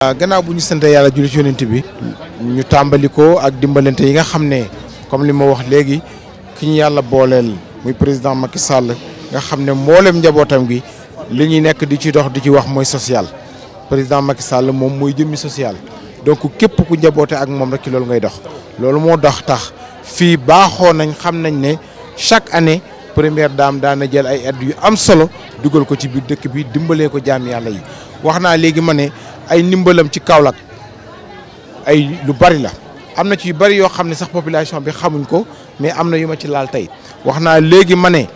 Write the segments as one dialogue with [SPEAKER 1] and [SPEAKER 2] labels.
[SPEAKER 1] Euh, gannaaw bu ñu sant yàlla julli ci yonent bi ñu tàmbali ko ak dimbalante yi nga xam ne comme li ma wax léegi ki ñu yàlla booleel muy président Macky Sall nga xam ne mboolem njabootam gi li ñuy nekk di ci dox di ci wax mooy social président Macky Sall moom mooy jëmmi social donc képp ku njaboote ak moom rek ci loolu ngay dox. loolu moo dox tax fii baaxoo nañ xam nañ ne chaque année première dame daan na jël ay aide yu am solo dugal ko ci biir dëkk bi dimbalee ko jaam yàlla yi ay ndimbalam ci Kaolack ay lu bari la am na ci yu bari yoo xam ne sax population bi xamuñ ko mais am na yu ma ci laal tey wax naa léegi ma ne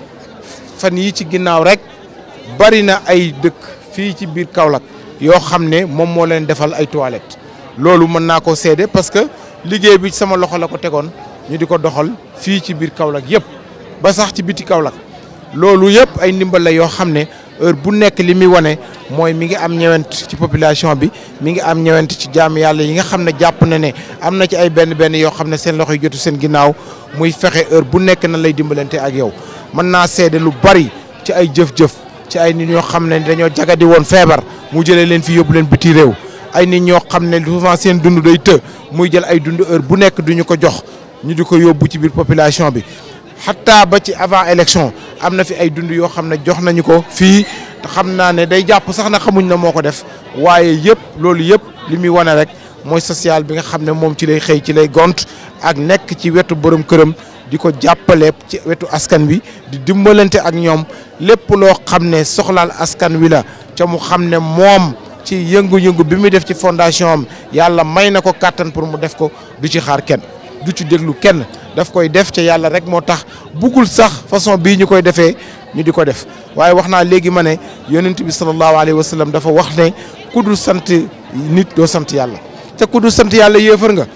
[SPEAKER 1] fan yi ci ginnaaw rek bari na ay dëkk fii ci biir Kaolack yoo xam ne moom moo leen defal ay toilettes loolu mën naa ko seede parce que liggéey bi sama loxo la ko tegoon ñu di ko doxal fii ci biir Kaolack yëpp ba sax ci biti Kaolack loolu yëpp ay ndimbal la yoo xam ne heure bu nekk li muy wane mooy mi ngi am ñëwent ci population bi mi ngi am ñëwent ci jaam yàlla yi nga xam ne jàpp na ne am na ci ay benn benn yoo xam ne seen loxo yi jotu seen ginnaaw muy fexe heure bu nekk na lay dimbalante ak yow mën naa seede lu bari ci ay jëf-jëf ci ay nit ñoo xam ne dañoo jagadi woon feebar mu jëlee leen fi yóbbu leen biti réew ay nit ñoo xam ne souvent seen dund day të muy jël ay dund heure bu nekk duñu ko jox ñu di ko yóbbu ci biir population bi xataa ba ci avant élection am na fi ay dund yoo xam ne jox nañu ko fii xam naa ne day jàpp sax na xamuñ na moo ko def waaye yëpp loolu yëpp li muy wane rek mooy sociale bi nga xam ne moom ci lay xëy ci lay gont ak nekk ci wetu borom këram di ko jàppale ci wetu askan wi di dimbalante ak ñoom lépp loo xam ne soxlaal askan wi la ca mu xam ne moom ci yëngu-yëngu bi muy def ci fondation am yàlla may na ko kàttan pour mu def ko du ci xaar kenn. du ci déglu kenn daf koy def ca yàlla rek moo tax buggul sax façon bii ñu koy defee ñu di ko def waaye wax naa léegi ma ne yonent bi sallallahu alayhi wa sallam dafa wax ne ku sant nit doo sant yàlla te ku dul sant yàlla yéefar nga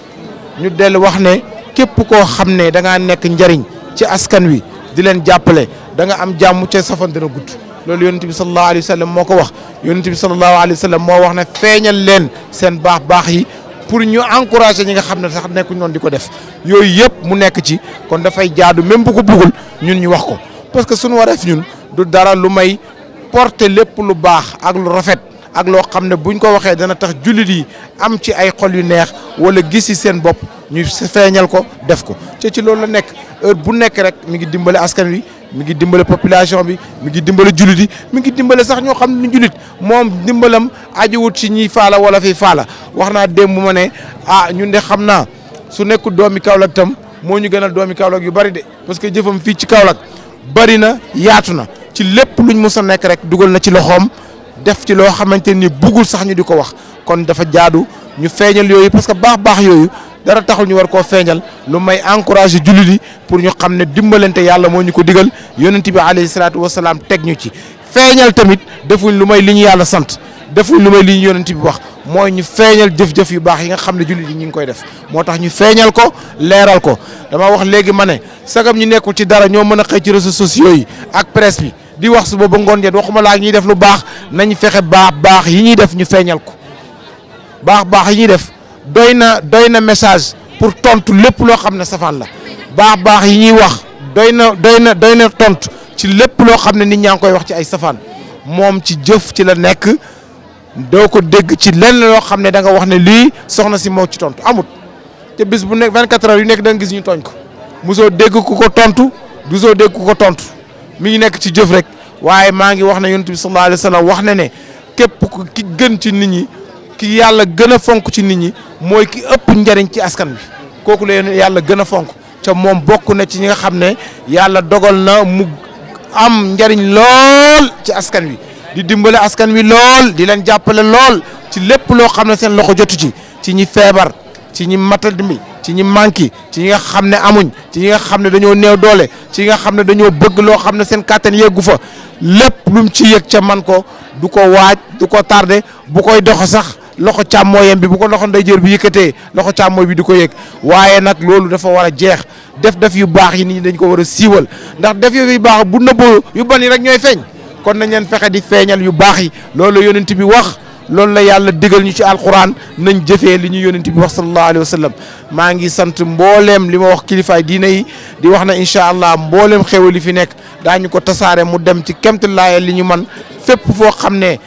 [SPEAKER 1] ñu dellu wax ne képp koo xam ne danga nekk njariñ ci askan wi di leen jàppale danga am jàmm ca safan dana gudd loolu yonent bi sallallahu alayhi wa moo ko wax yonent bi sallallahu moo wax ne feeñal leen seen baax baax yi pour ñu encourager ñi nga xam ne sax nekkuñ noonu di ko def yooyu yëpp mu nekk ci kon dafay jaadu même bu ko bëggul ñun ñu wax ko parce que suñu wareef ñun du dara lu may porter lépp lu baax ak lu rafet ak loo xam ne bu buñ ko waxee dana tax jullit yi am ci ay xol yu neex wala gis yi seen bopp ñu feeñal ko def ko te ci loolu la nekk heure bu nekk rek mi ngi dimbale askan wi mu ngi dimbale population bi mi ngi dimbale jullit yi mi ngi dimbale sax ñoo xam ne jullit moom dimbalam ajuwut ci ñi faala wala fi faala wax naa démb ma ne ah ñun de xam naa su nekkul doomi Kaolack tam moo ñu gënal doomi Kaolack yu bari de parce que jëfam fii ci Kaolack bari na yaatu na ci lépp luñ mës nekk rek dugal na ci loxoom. def ci loo xamante ni buggul sax ñu di ko wax kon dafa jaadu ñu feeñal yooyu parce que baax baax yooyu dara taxul ñu war koo feeñal lu may encouragé jullit yi pour ñu xam ne dimbalante yàlla moo ñu ko digal yonent bi alayhi salaatu wasalaam teg ñu ci feeñal tamit defuñ lu may li ñu yàlla sant defuñ lu may li ñu yonent bi wax mooy ñu feeñal jëf-jëf yu baax yi nga xam ne jullit yi ñu ngi koy def moo tax ñu feeñal ko leeral ko dama wax léegi ma ne sagam ñu nekkul ci dara ñoo mën a xëy ci réseaux sociaux yi ak presse bi di wax suba ba ngoon jot waxuma laa ñuy def lu baax nañ fexe baax baax yi ñuy def ñu feeñal ko baax baax yi ñuy def doy na doy na message pour tontu lépp loo xam ne safaan la baax baax yi ñuy wax doy na doy na doy na tontu ci lépp loo xam ne nit ñaa ngi koy wax ci ay safaan moom ci jëf ci la nekk doo ko dégg ci lenn loo xam ne da nga wax ne lii soxna si moo ci tontu amut te bis bu nekk 24 heures yu nekk da gis ñu tooñ ko mosoo dégg ku ko tontu du soo dégg ku ko tontu. mi ngi nekk ci jëf rek waaye maa ngi wax ne yonent bi sallallahu alayhi wax na ne képp ki gën ci nit ñi ki yàlla gën a fonk ci nit ñi mooy ki ëpp njariñ ci askan wi kooku leen yàlla gën a fonk te moom bokk na ci ñi nga xam ne yàlla dogal na mu am njariñ lool ci askan wi di dimbale askan wi lool di leen jàppale lool ci lépp loo xam ne seen loxo jotu ci ci ñi feebar ci ñi matal mi ci ñi manqué ci ñi nga xam ne amuñ ci ñi nga xam ne dañoo néew doole ci nga xam ne dañoo bëgg loo xam ne seen kàttan yeggu fa lépp lum ci yëg ca man ko du ko waaj du ko tardé bu koy dox sax loxo càmmooyam bi bu ko loxo ndeyjoor bi yëkkatee loxo càmmooy bi di ko yëg waaye nag loolu dafa war a jeex def def yu baax yi nit dañ ko war a siiwal ndax def yu baax bu nëbboo yu bon yi rek ñooy feeñ kon nañ leen fexe di feeñal yu baax yi loolu yonent bi wax loolu la yàlla digal ñu ci alquran nañ jëfee li ñu yónent bi wax sallallahu alayhi wa maa ngi sant mbooleem li ma wax kilifaay diine yi di wax na incha allah mbooleem xéwal li fi nekk daañu ko tasaare mu dem ci kemtalaaya li ñu man fépp foo xam ne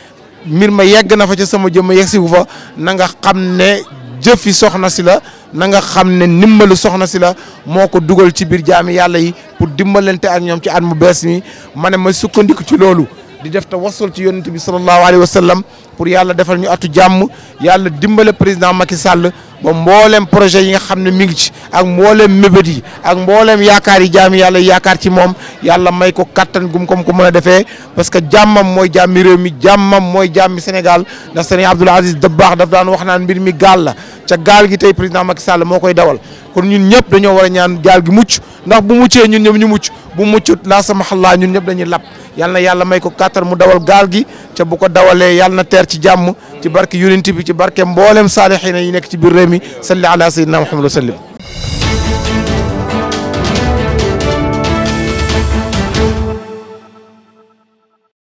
[SPEAKER 1] mbir ma yegg na fa ca sama jëmm yegg si fa nanga xam ne jëfi soxna si la na xam ne ndimbalu soxna si la moo ko dugal ci biir jaami yàlla yi pour dimbalante ak ñoom ci at mu bees mi ma ne ma sukkandiku ci loolu. di def tawassul ci yonent bi sallallahu alayhi wa sallam pour yàlla defal ñu atu jàmm yàlla dimbale président Macky Sall ba mboolem projet yi nga xam ne mi ngi ci ak mboolem mébét yi ak mboolem yaakaar yi jaami yàlla yaakaar ci moom yàlla may ko kattan gum kom ko mën a defee parce que jàmmam mooy jàmmi réew mi jàmmam mooy jàmmi Sénégal ndax Serigne Abdoul Aziz Dabakh daf daan wax naan mbir mi gaal la ca gaal gi tey président Macky Sall moo koy dawal kon ñun ñëpp dañoo war a ñaan gaal gi mucc ndax bu muccee ñun ñoom ñu mucc bu muccut laa sama xallaa ñun ñëpp dañuy lab yal yàlla may ko kàttan mu dawal gaal gi te bu ko dawalee yàlla na teer ci jàmm ci barke yonent bi ci barke mboolem saalixiina yi nekk ci biir réew mi salli ala sayyidina Muhammad wa sallim